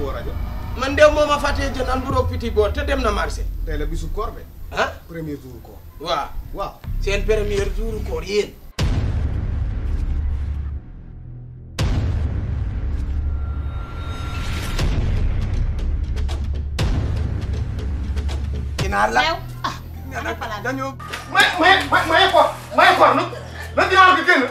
bu rajo man dew moo ma fàttee jën hamburger petit bord te dem na marché. tey le bisu koor de. ah premier jour koor. waaw waaw seen premier jour koor yéen. ginaar la ah. dañoo may may may koor may koor nag lan ginaar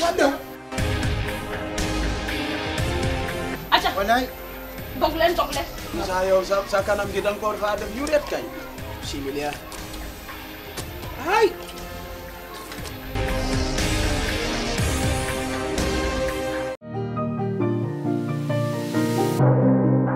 Aja. Acha. Wallahi. Dog leen dog leen. Sa yow sa sa kanam gi dang ko Thank you.